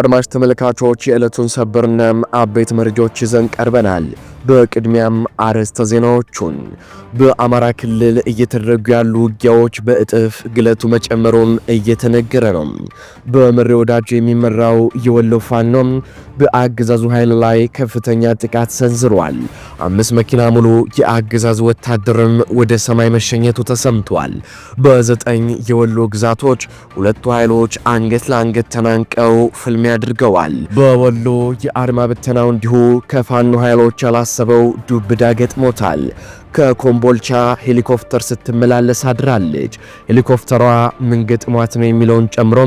አድማጭ ተመልካቾች የዕለቱን ሰበርና አበይት መረጃዎች ይዘን ቀርበናል። በቅድሚያም አርዕስተ ዜናዎቹን በአማራ ክልል እየተደረጉ ያሉ ውጊያዎች በእጥፍ ግለቱ መጨመሩን እየተነገረ ነው። በመሬ ወዳጅ የሚመራው የወሎ ፋኖ በአገዛዙ ኃይል ላይ ከፍተኛ ጥቃት ሰንዝሯል። አምስት መኪና ሙሉ የአገዛዙ ወታደርም ወደ ሰማይ መሸኘቱ ተሰምቷል። በዘጠኝ የወሎ ግዛቶች ሁለቱ ኃይሎች አንገት ለአንገት ተናንቀው ፍልሚያ አድርገዋል። በወሎ የአድማ ብተናው እንዲሁ ከፋኖ ኃይሎች አላ ያላሰበው ዱብዳ ገጥሞታል። ከኮምቦልቻ ሄሊኮፕተር ስትመላለስ አድራለች። ሄሊኮፕተሯ ምን ገጥሟት ነው የሚለውን ጨምሮ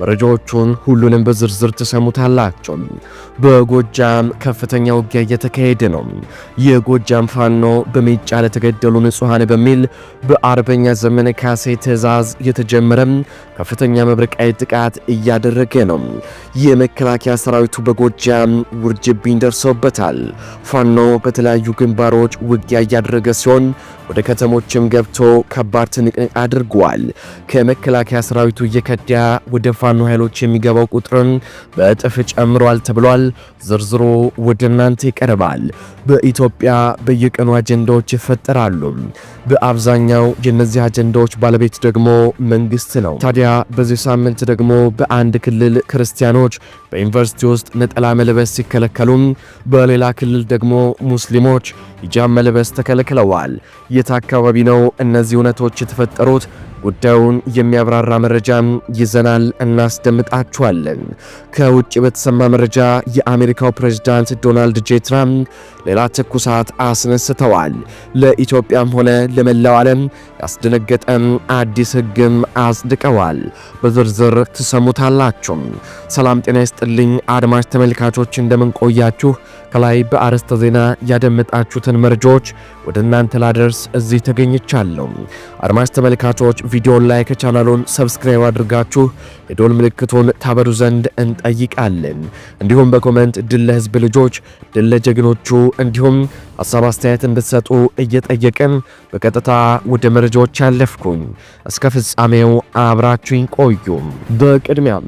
መረጃዎቹን ሁሉንም በዝርዝር ትሰሙታላቸው። በጎጃም ከፍተኛ ውጊያ እየተካሄደ ነው። የጎጃም ፋኖ በሚጫ ለተገደሉ ንጹሐን በሚል በአርበኛ ዘመነ ካሴ ትዕዛዝ የተጀመረ ከፍተኛ መብረቃዊ ጥቃት እያደረገ ነው። የመከላከያ ሰራዊቱ በጎጃም ውርጅብኝ ደርሶበታል። ፋኖ በተለያዩ ግንባሮች ውጊያ እያደረገ ያደረገ ሲሆን ወደ ከተሞችም ገብቶ ከባድ ትንቅንቅ አድርጓል። ከመከላከያ ሰራዊቱ እየከዳ ወደ ፋኖ ኃይሎች የሚገባው ቁጥርን በእጥፍ ጨምሯል ተብሏል። ዝርዝሩ ወደ እናንተ ይቀርባል። በኢትዮጵያ በየቀኑ አጀንዳዎች ይፈጠራሉ። በአብዛኛው የእነዚህ አጀንዳዎች ባለቤት ደግሞ መንግስት ነው። ታዲያ በዚህ ሳምንት ደግሞ በአንድ ክልል ክርስቲያኖች በዩኒቨርሲቲ ውስጥ ነጠላ መልበስ ሲከለከሉም፣ በሌላ ክልል ደግሞ ሙስሊሞች ሂጃብ መልበስ ተከልክለዋል። የት አካባቢ ነው እነዚህ እውነቶች የተፈጠሩት? ጉዳዩን የሚያብራራ መረጃም ይዘናል እናስደምጣችኋለን። ከውጭ በተሰማ መረጃ የአሜሪካው ፕሬዝዳንት ዶናልድ ጄ ትራምፕ ሌላ ትኩሳት አስነስተዋል። ለኢትዮጵያም ሆነ ለመላው ዓለም ያስደነገጠም አዲስ ሕግም አጽድቀዋል። በዝርዝር ትሰሙታላችሁ። ሰላም ጤና ይስጥልኝ አድማጭ ተመልካቾች እንደምንቆያችሁ ከላይ በአርዕስተ ዜና ያደመጣችሁትን መረጃዎች ወደ እናንተ ላደርስ እዚህ ተገኝቻለሁ። አድማጭ ተመልካቾች ቪዲዮን ላይክ፣ ቻናሉን ሰብስክራይብ አድርጋችሁ የዶል ምልክቱን ታበሩ ዘንድ እንጠይቃለን። እንዲሁም በኮመንት ድል ለህዝብ ልጆች፣ ድል ለጀግኖቹ እንዲሁም ሀሳብ አስተያየት እንድትሰጡ እየጠየቅን በቀጥታ ወደ መረጃዎች ያለፍኩኝ፣ እስከ ፍጻሜው አብራችሁኝ ቆዩ። በቅድሚያም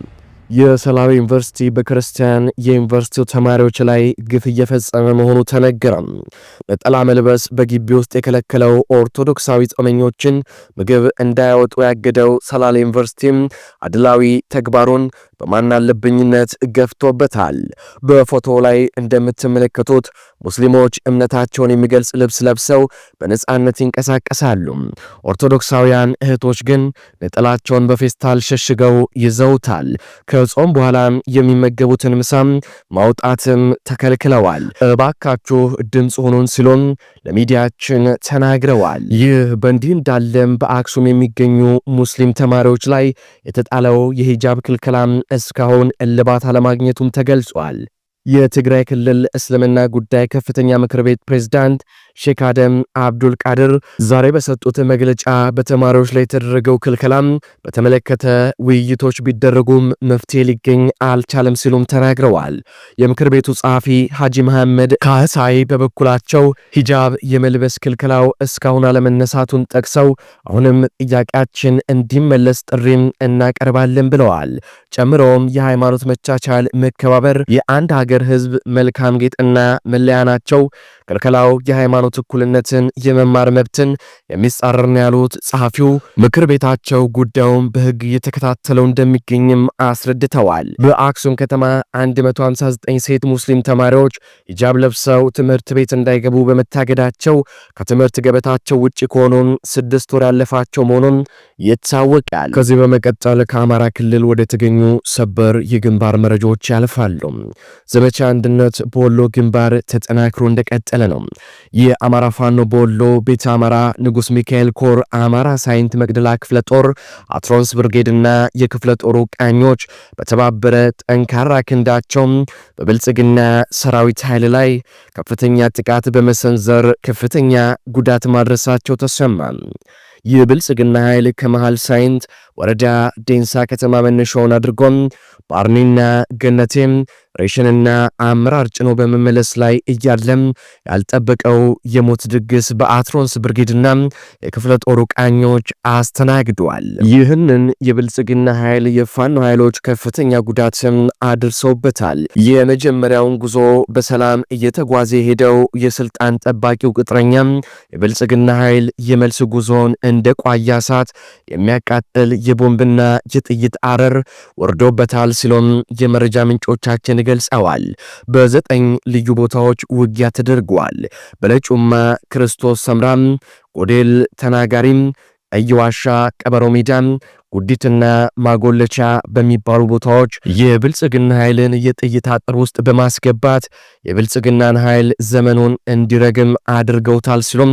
የሰላም ዩኒቨርሲቲ በክርስቲያን የዩኒቨርሲቲው ተማሪዎች ላይ ግፍ እየፈጸመ መሆኑ ተነገረም። ነጠላ መልበስ በግቢ ውስጥ የከለከለው ኦርቶዶክሳዊ ጾመኞችን ምግብ እንዳያወጡ ያገደው ሰላሌ ዩኒቨርሲቲም አድላዊ ተግባሩን በማናለብኝነት ገፍቶበታል። በፎቶው ላይ እንደምትመለከቱት ሙስሊሞች እምነታቸውን የሚገልጽ ልብስ ለብሰው በነፃነት ይንቀሳቀሳሉ። ኦርቶዶክሳውያን እህቶች ግን ነጠላቸውን በፌስታል ሸሽገው ይዘውታል። ከጾም በኋላ የሚመገቡትን ምሳም ማውጣትም ተከልክለዋል። እባካችሁ ድምፅ ሆኑን ሲሉም ለሚዲያችን ተናግረዋል። ይህ በእንዲህ እንዳለም በአክሱም የሚገኙ ሙስሊም ተማሪዎች ላይ የተጣለው የሂጃብ ክልከላም እስካሁን እልባት አለማግኘቱም ተገልጿል። የትግራይ ክልል እስልምና ጉዳይ ከፍተኛ ምክር ቤት ፕሬዝዳንት ሼክ አደም አብዱል ቃድር ዛሬ በሰጡት መግለጫ በተማሪዎች ላይ የተደረገው ክልከላም በተመለከተ ውይይቶች ቢደረጉም መፍትሄ ሊገኝ አልቻለም ሲሉም ተናግረዋል። የምክር ቤቱ ጸሐፊ ሐጂ መሐመድ ካህሳይ በበኩላቸው ሂጃብ የመልበስ ክልከላው እስካሁን አለመነሳቱን ጠቅሰው አሁንም ጥያቄያችን እንዲመለስ ጥሪም እናቀርባለን ብለዋል። ጨምሮም የሃይማኖት መቻቻል መከባበር የአንድ ሀገር የሀገር ህዝብ መልካም ጌጥና መለያ ናቸው። ክልከላው የሃይማኖት እኩልነትን፣ የመማር መብትን የሚጻረር ነው ያሉት ጸሐፊው ምክር ቤታቸው ጉዳዩን በሕግ እየተከታተለው እንደሚገኝም አስረድተዋል። በአክሱም ከተማ 159 ሴት ሙስሊም ተማሪዎች ሂጃብ ለብሰው ትምህርት ቤት እንዳይገቡ በመታገዳቸው ከትምህርት ገበታቸው ውጭ ከሆኑን ስድስት ወር ያለፋቸው መሆኑን ይታወቃል። ከዚህ በመቀጠል ከአማራ ክልል ወደ ተገኙ ሰበር የግንባር መረጃዎች ያልፋሉ። ዘመቻ አንድነት በወሎ ግንባር ተጠናክሮ እንደቀጠለ ነው። የአማራ ፋኖ በወሎ ቤተ አማራ ንጉሥ ሚካኤል ኮር አማራ ሳይንት መቅደላ ክፍለ ጦር አትሮንስ ብርጌድና የክፍለ ጦሩ ቃኞች በተባበረ ጠንካራ ክንዳቸው በብልጽግና ሰራዊት ኃይል ላይ ከፍተኛ ጥቃት በመሰንዘር ከፍተኛ ጉዳት ማድረሳቸው ተሰማ። የብልጽግና ኃይል ከመሃል ሳይንት ወረዳ ዴንሳ ከተማ መነሻውን አድርጎም ባርኒና ገነቴም ሬሽንና አመራር ጭኖ በመመለስ ላይ እያለም ያልጠበቀው የሞት ድግስ በአትሮንስ ብርጌድና የክፍለ ጦሩ ቃኞች አስተናግደዋል። ይህንን የብልጽግና ኃይል የፋኖ ኃይሎች ከፍተኛ ጉዳትም አድርሰውበታል። የመጀመሪያውን ጉዞ በሰላም እየተጓዘ የሄደው የስልጣን ጠባቂው ቅጥረኛም የብልጽግና ኃይል የመልስ ጉዞን እንደ ቋያ እሳት የሚያቃጥል የቦምብና የጥይት አረር ወርዶበታል ሲሎም የመረጃ ምንጮቻችን ገልጸዋል። በዘጠኝ ልዩ ቦታዎች ውጊያ ተደርጓል። በለጩማ፣ ክርስቶስ ሰምራም፣ ጎዴል፣ ተናጋሪም፣ እየዋሻ፣ ቀበሮ ሜዳም ጉዲትና ማጎለቻ በሚባሉ ቦታዎች የብልጽግና ኃይልን የጥይት አጥር ውስጥ በማስገባት የብልጽግናን ኃይል ዘመኑን እንዲረግም አድርገውታል ሲሉም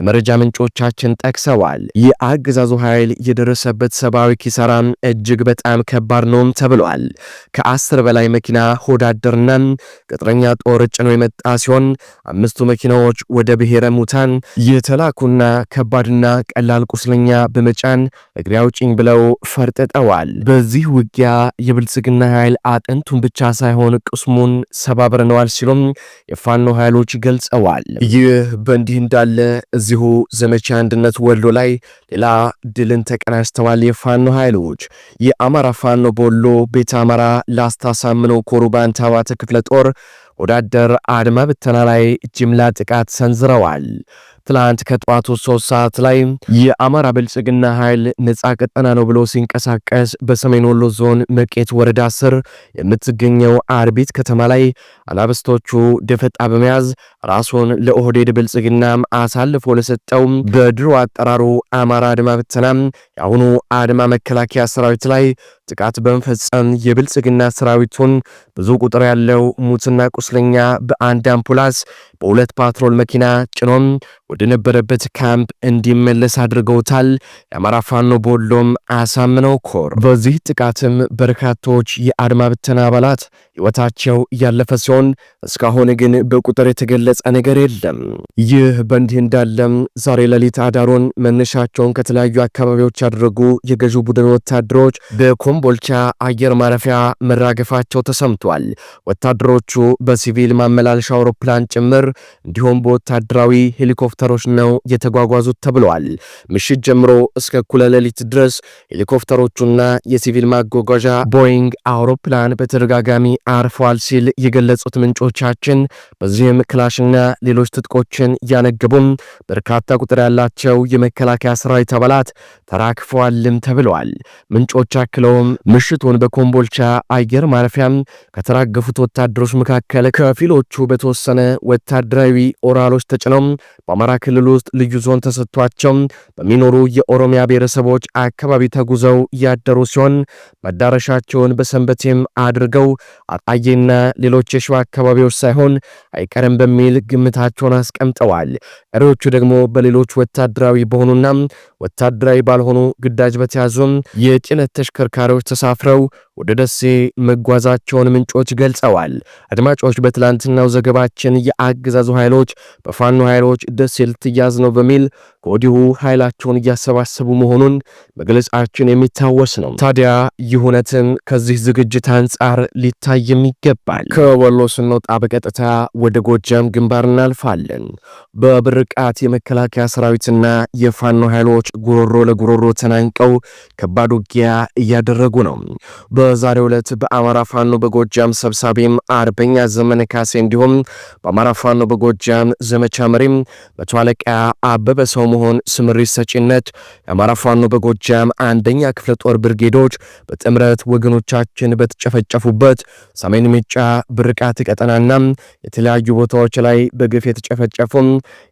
የመረጃ ምንጮቻችን ጠቅሰዋል። የአገዛዙ ኃይል የደረሰበት ሰብአዊ ኪሳራ እጅግ በጣም ከባድ ነውም ተብሏል። ከአስር በላይ መኪና ሆዳደርና ቅጥረኛ ጦር ጭኖ የመጣ ሲሆን አምስቱ መኪናዎች ወደ ብሔረ ሙታን የተላኩና ከባድና ቀላል ቁስለኛ በመጫን እግሬ አውጪኝ ብለው ፈርጥጠዋል። በዚህ ውጊያ የብልጽግና ኃይል አጥንቱን ብቻ ሳይሆን ቅስሙን ሰባብረነዋል ሲሉም የፋኖ ኃይሎች ገልጸዋል። ይህ በእንዲህ እንዳለ በዚሁ ዘመቻ አንድነት ወሎ ላይ ሌላ ድልን ተቀናጅተዋል የፋኖ ኃይሎች። የአማራ ፋኖ በወሎ ቤተ አማራ ላስታሳምነው ኮሩባን ታባተ ክፍለ ጦር ወዳደር አድማ ብተና ላይ ጅምላ ጥቃት ሰንዝረዋል። ትላንት ከጠዋቱ ሶስት ሰዓት ላይ የአማራ ብልጽግና ኃይል ነጻ ቀጠና ነው ብሎ ሲንቀሳቀስ በሰሜን ወሎ ዞን መቄት ወረዳ ስር የምትገኘው አርቢት ከተማ ላይ አናብስቶቹ ደፈጣ በመያዝ ራሱን ለኦህዴድ ብልጽግና አሳልፎ ለሰጠው በድሮ አጠራሩ አማራ አድማ ብተናም የአሁኑ አድማ መከላከያ ሰራዊት ላይ ጥቃት በመፈጸም የብልጽግና ሰራዊቱን ብዙ ቁጥር ያለው ሙትና ቁስለኛ በአንድ አምፑላስ በሁለት ፓትሮል መኪና ጭኖም ወደነበረበት ካምፕ እንዲመለስ አድርገውታል። የአማራ ፋኖ ቦሎም አሳምነው ኮር በዚህ ጥቃትም በርካቶች የአድማ ብተና አባላት ሕይወታቸው እያለፈ ሲሆን እስካሁን ግን በቁጥር የተገለጸ ነገር የለም። ይህ በእንዲህ እንዳለም ዛሬ ሌሊት አዳሩን መነሻቸውን ከተለያዩ አካባቢዎች ያደረጉ የገዢው ቡድን ወታደሮች በኮምቦልቻ አየር ማረፊያ መራገፋቸው ተሰምቷል። ወታደሮቹ በሲቪል ማመላለሻ አውሮፕላን ጭምር እንዲሁም በወታደራዊ ሄሊኮፕተሮች ነው የተጓጓዙት ተብለዋል። ምሽት ጀምሮ እስከ እኩለ ሌሊት ድረስ ሄሊኮፕተሮቹና የሲቪል ማጓጓዣ ቦይንግ አውሮፕላን በተደጋጋሚ አርፏል ሲል የገለጹት ምንጮቻችን በዚህም ክላሽና ሌሎች ትጥቆችን እያነገቡም በርካታ ቁጥር ያላቸው የመከላከያ ሰራዊት አባላት ተራክፈዋልም ተብለዋል። ምንጮች አክለውም ምሽቱን በኮምቦልቻ አየር ማረፊያም ከተራገፉት ወታደሮች መካከል ከፊሎቹ በተወሰነ ወታ ወታደራዊ ኦራሎች ተጭነው በአማራ ክልል ውስጥ ልዩ ዞን ተሰጥቷቸው በሚኖሩ የኦሮሚያ ብሔረሰቦች አካባቢ ተጉዘው ያደሩ ሲሆን መዳረሻቸውን በሰንበቴም አድርገው አጣዬና ሌሎች የሸዋ አካባቢዎች ሳይሆን አይቀርም በሚል ግምታቸውን አስቀምጠዋል። ቀሪዎቹ ደግሞ በሌሎች ወታደራዊ በሆኑና ወታደራዊ ባልሆኑ ግዳጅ በተያዙ የጭነት ተሽከርካሪዎች ተሳፍረው ወደ ደሴ መጓዛቸውን ምንጮች ገልጸዋል። አድማጮች በትላንትናው ዘገባችን የአገዛዙ ኃይሎች በፋኖ ኃይሎች ደሴ ልትያዝ ነው በሚል ከወዲሁ ኃይላቸውን እያሰባሰቡ መሆኑን መግለጻችን የሚታወስ ነው። ታዲያ ይህ እውነትም ከዚህ ዝግጅት አንጻር ሊታይም ይገባል። ከወሎ ስንወጣ በቀጥታ ወደ ጎጃም ግንባር እናልፋለን። በብርቃት የመከላከያ ሰራዊትና የፋኖ ኃይሎች ጉሮሮ ለጉሮሮ ተናንቀው ከባድ ውጊያ እያደረጉ ነው። በዛሬው ዕለት በአማራ ፋኖ በጎጃም ሰብሳቢም አርበኛ ዘመነ ካሴ እንዲሁም በአማራ ፋኖ በጎጃም ዘመቻ መሪም መቶ አለቃ አበበ ሰው በመሆን ስምሪት ሰጪነት የአማራ ፋኖ በጎጃም አንደኛ ክፍለ ጦር ብርጌዶች በጥምረት ወገኖቻችን በተጨፈጨፉበት ሰሜን ምጫ ብርቃት ቀጠናና የተለያዩ ቦታዎች ላይ በግፍ የተጨፈጨፉም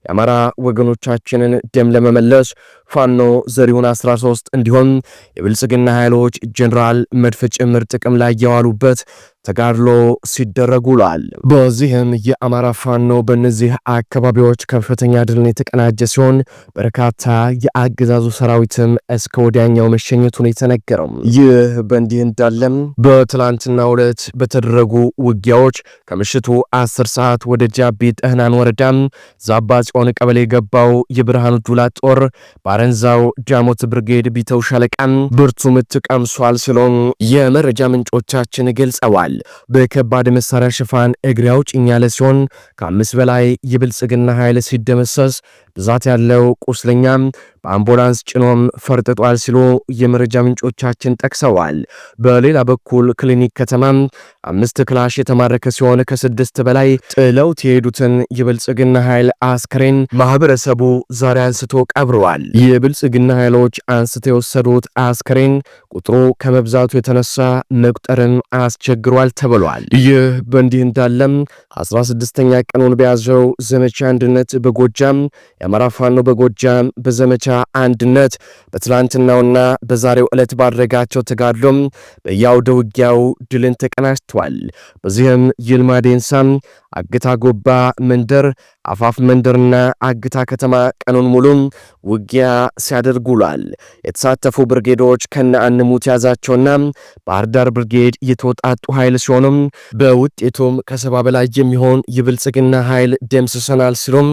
የአማራ ወገኖቻችንን ደም ለመመለስ ፋኖ ዘሪሁን 13 እንዲሁም የብልጽግና ኃይሎች ጀኔራል መድፍ ጭምር ጥቅም ላይ የዋሉበት ተጋድሎ ሲደረጉ ውሏል። በዚህም የአማራ ፋኖ በእነዚህ አካባቢዎች ከፍተኛ ድልን የተቀናጀ ሲሆን በርካታ የአገዛዙ ሰራዊትም እስከ ወዲያኛው መሸኘቱ ነው የተነገረው። ይህ በእንዲህ እንዳለም በትላንትና ዕለት በተደረጉ ውጊያዎች ከምሽቱ አስር ሰዓት ወደ ጃቢ ጠህናን ወረዳም ጽዮን ቀበሌ የገባው የብርሃኑ ዱላ ጦር ባረንዛው ጃሞት ብርጌድ ቢተው ሻለቃን ብርቱ ምት ቀምሷል ሲሉም የመረጃ ምንጮቻችን ገልጸዋል። በከባድ መሳሪያ ሽፋን እግሬ አውጭኝ ያለ ሲሆን ከአምስት በላይ የብልጽግና ኃይል ሲደመሰስ ብዛት ያለው ቁስለኛም በአምቡላንስ ጭኖም ፈርጥጧል ሲሉ የመረጃ ምንጮቻችን ጠቅሰዋል። በሌላ በኩል ክሊኒክ ከተማም አምስት ክላሽ የተማረከ ሲሆን ከስድስት በላይ ጥለውት የሄዱትን የብልጽግና ኃይል አስክሬን ማህበረሰቡ ዛሬ አንስቶ ቀብረዋል። የብልጽግና ኃይሎች አንስተው የወሰዱት አስክሬን ቁጥሩ ከመብዛቱ የተነሳ መቁጠርን አስቸግሯል ተብሏል። ይህ በእንዲህ እንዳለም 16ኛ ቀኑን በያዘው ዘመቻ አንድነት በጎጃም የአማራ ፋኖ በጎጃም በዘመቻ አንድነት በትላንትናውና በዛሬው ዕለት ባድረጋቸው ተጋድሎም በያውደ ውጊያው ድልን ተቀናጅተዋል። በዚህም ይልማ ዴንሳም አግታ ጎባ መንደር አፋፍ መንደርና አግታ ከተማ ቀኑን ሙሉም ውጊያ ሲያደርግ ውሏል። የተሳተፉ ብርጌዶች ከነ አንሙት ያዛቸውና ባህር ዳር ብርጌድ የተወጣጡ ኃይል ሲሆኑም በውጤቱም ከሰባ በላይ የሚሆን የብልጽግና ኃይል ደምስሰናል ሲሉም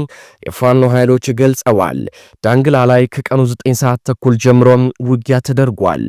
የፋኖ ኃይሎች ገልጸዋል። ዳንግላ ላይ ከቀኑ 9 ሰዓት ተኩል ጀምሮም ውጊያ ተደርጓል።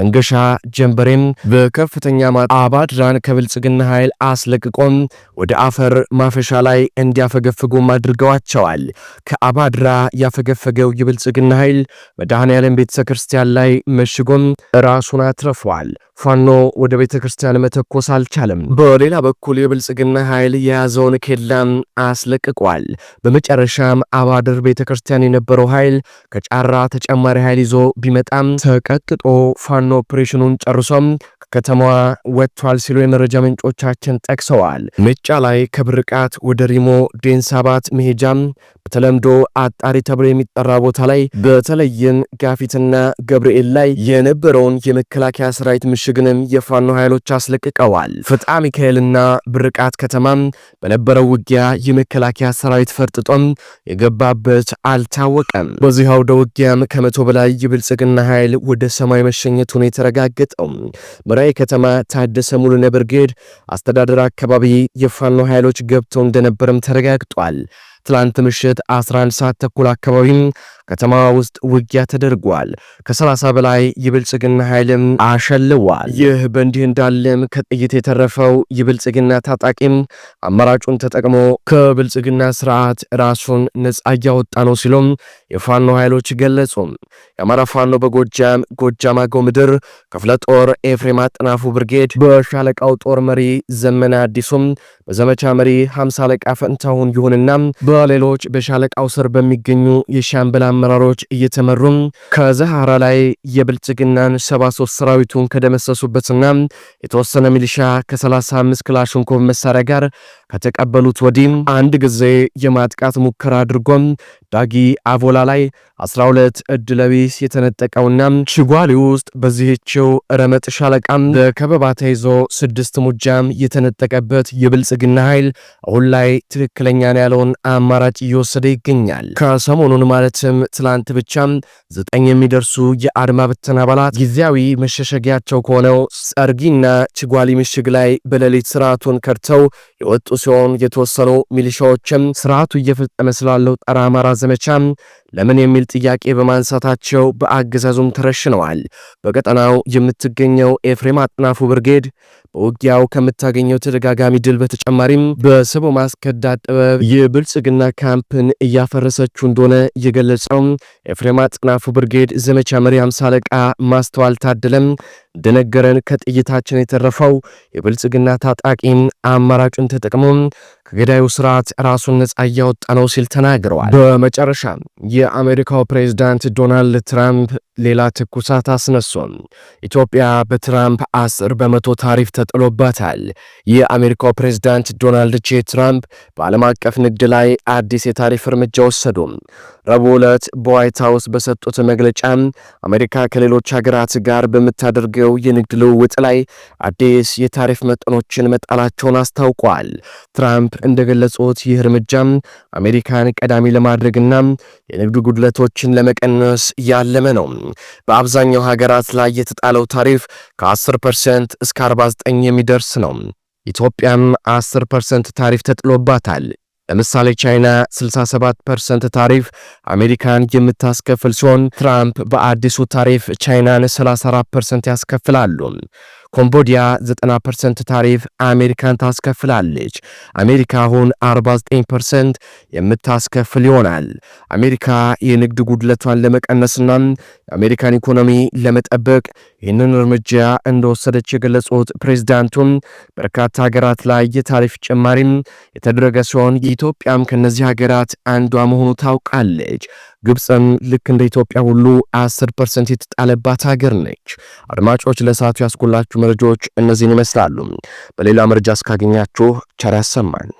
መንገሻ ጀንበሬም በከፍተኛ አባድራን ከብልጽግና ኃይል አስለቅቆም ወደ አፈር ማፈሻ ላይ እንዲያፈገፍጉም አድርገዋቸዋል። ከአባድራ ያፈገፈገው የብልጽግና ኃይል መድኃኔዓለም ቤተ ክርስቲያን ላይ መሽጎም ራሱን አትረፏል። ፋኖ ወደ ቤተ ክርስቲያን መተኮስ አልቻለም። በሌላ በኩል የብልጽግና ኃይል የያዘውን ኬላም አስለቅቋል። በመጨረሻም አባድር ቤተ ክርስቲያን የነበረው ኃይል ከጫራ ተጨማሪ ኃይል ይዞ ቢመጣም ተቀጥጦ ፋኖ ኦፕሬሽኑን ጨርሶም ከተማዋ ወጥቷል ሲሉ የመረጃ ምንጮቻችን ጠቅሰዋል። ምጫ ላይ ከብርቃት ወደ ሪሞ ዴንሳባት መሄጃም በተለምዶ አጣሪ ተብሎ የሚጠራ ቦታ ላይ በተለይም ጋፊትና ገብርኤል ላይ የነበረውን የመከላከያ ሰራዊት ምሽግንም የፋኖ ኃይሎች አስለቅቀዋል። ፍጣ ሚካኤልና ብርቃት ከተማም በነበረው ውጊያ የመከላከያ ሰራዊት ፈርጥጦም የገባበት አልታወቀም። በዚህ አውደ ውጊያም ከመቶ በላይ የብልጽግና ኃይል ወደ ሰማይ መሸኘቱን የተረጋገጠው በራያ ከተማ ታደሰ ሙሉነህ ብርጌድ አስተዳደር አካባቢ የፋኖ ኃይሎች ገብተው እንደነበረም ተረጋግጧል። ትላንት ምሽት 11 ሰዓት ተኩል አካባቢም ከተማ ውስጥ ውጊያ ተደርጓል። ከ30 በላይ የብልጽግና ኃይልም አሸልዋል። ይህ በእንዲህ እንዳለም ከጥይት የተረፈው የብልጽግና ታጣቂም አማራጩን ተጠቅሞ ከብልጽግና ስርዓት ራሱን ነጻ እያወጣ ነው ሲሉም የፋኖ ኃይሎች ገለጹ። የአማራ ፋኖ በጎጃም ጎጃም አገው ምድር ክፍለ ጦር ኤፍሬም አጥናፉ ብርጌድ በሻለቃው ጦር መሪ ዘመነ አዲሱም በዘመቻ መሪ 50 አለቃ ፈንታሁን ይሁንና በሌሎች በሻለቃው ስር በሚገኙ የሻምበላ አመራሮች እየተመሩ ከዛሃራ ላይ የብልጽግናን 73 ሰራዊቱን ከደመሰሱበትና የተወሰነ ሚሊሻ ከ35 ክላሽንኮቭ መሳሪያ ጋር ከተቀበሉት ወዲህ አንድ ጊዜ የማጥቃት ሙከራ አድርጎም ዳጊ አቮላ ላይ 12 እድለቢስ የተነጠቀውና ችጓሊ ውስጥ በዚህችው ረመጥ ሻለቃም በከበባ ተይዞ ስድስት ሙጃም የተነጠቀበት የብልጽግና ኃይል አሁን ላይ ትክክለኛ ያለውን አማራጭ እየወሰደ ይገኛል። ከሰሞኑን ማለትም ትላንት ብቻ ዘጠኝ የሚደርሱ የአድማ ብተና አባላት ጊዜያዊ መሸሸጊያቸው ከሆነው ጸርጊና ችጓሊ ምሽግ ላይ በሌሊት ስርዓቱን ከድተው የወጡ ሲሆን የተወሰኑ ሚሊሻዎችም ስርዓቱ እየፈጸመ ስላለው ጸረ አማራ ዘመቻ ለምን የሚል ጥያቄ በማንሳታቸው በአገዛዙም ተረሽነዋል። በቀጠናው የምትገኘው ኤፍሬም አጥናፉ ብርጌድ በውጊያው ከምታገኘው ተደጋጋሚ ድል በተጨማሪም በስቦ ማስከዳት ጥበብ የብልጽግና ካምፕን እያፈረሰችው እንደሆነ የገለጸው ኤፍሬም አጥናፉ ብርጌድ ዘመቻ መሪ ሃምሳ አለቃ ማስተዋል ታደለም እንደነገረን ከጥይታችን የተረፈው የብልጽግና ታጣቂን አማራጩን ተጠቅሞ ከገዳዩ ስርዓት ራሱን ነፃ እያወጣ ነው ሲል ተናግረዋል። በመጨረሻ የአሜሪካው ፕሬዚዳንት ዶናልድ ትራምፕ ሌላ ትኩሳት አስነሱም። ኢትዮጵያ በትራምፕ 10 በመቶ ታሪፍ ተጥሎባታል። የአሜሪካው ፕሬዝዳንት ዶናልድ ጄ ትራምፕ በዓለም አቀፍ ንግድ ላይ አዲስ የታሪፍ እርምጃ ወሰዱ። ረቡዕ ዕለት በዋይት ሀውስ በሰጡት መግለጫ አሜሪካ ከሌሎች ሀገራት ጋር በምታደርገው የንግድ ልውውጥ ላይ አዲስ የታሪፍ መጠኖችን መጣላቸውን አስታውቋል። ትራምፕ እንደገለጹት ይህ እርምጃ አሜሪካን ቀዳሚ ለማድረግና የንግድ ጉድለቶችን ለመቀነስ ያለመ ነው። በአብዛኛው ሀገራት ላይ የተጣለው ታሪፍ ከ10 ፐርሰንት እስከ 49 የሚደርስ ነው። ኢትዮጵያም 10 ፐርሰንት ታሪፍ ተጥሎባታል። ለምሳሌ ቻይና 67 ፐርሰንት ታሪፍ አሜሪካን የምታስከፍል ሲሆን ትራምፕ በአዲሱ ታሪፍ ቻይናን 34 ፐርሰንት ያስከፍላሉ። ኮምቦዲያ 90 ፐርሰንት ታሪፍ አሜሪካን ታስከፍላለች። አሜሪካ አሁን 49 ፐርሰንት የምታስከፍል ይሆናል። አሜሪካ የንግድ ጉድለቷን ለመቀነስና የአሜሪካን ኢኮኖሚ ለመጠበቅ ይህንን እርምጃ እንደወሰደች የገለጹት ፕሬዚዳንቱም በርካታ ሀገራት ላይ የታሪፍ ጭማሪም የተደረገ ሲሆን የኢትዮጵያም ከእነዚህ ሀገራት አንዷ መሆኑ ታውቃለች። ግብፅን ልክ እንደ ኢትዮጵያ ሁሉ 10 ፐርሰንት የተጣለባት ሀገር ነች። አድማጮች ለሰዓቱ ያስኩላችሁ መረጃዎች እነዚህን ይመስላሉ። በሌላ መረጃ እስካገኛችሁ ቸር ያሰማን።